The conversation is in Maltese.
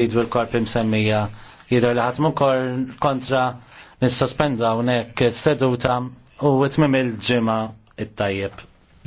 jiddu l-korp imsemmija jiddu li ħatmu kontra nis-sospenda unek seduta u t-mim il-ġima it-tajjeb.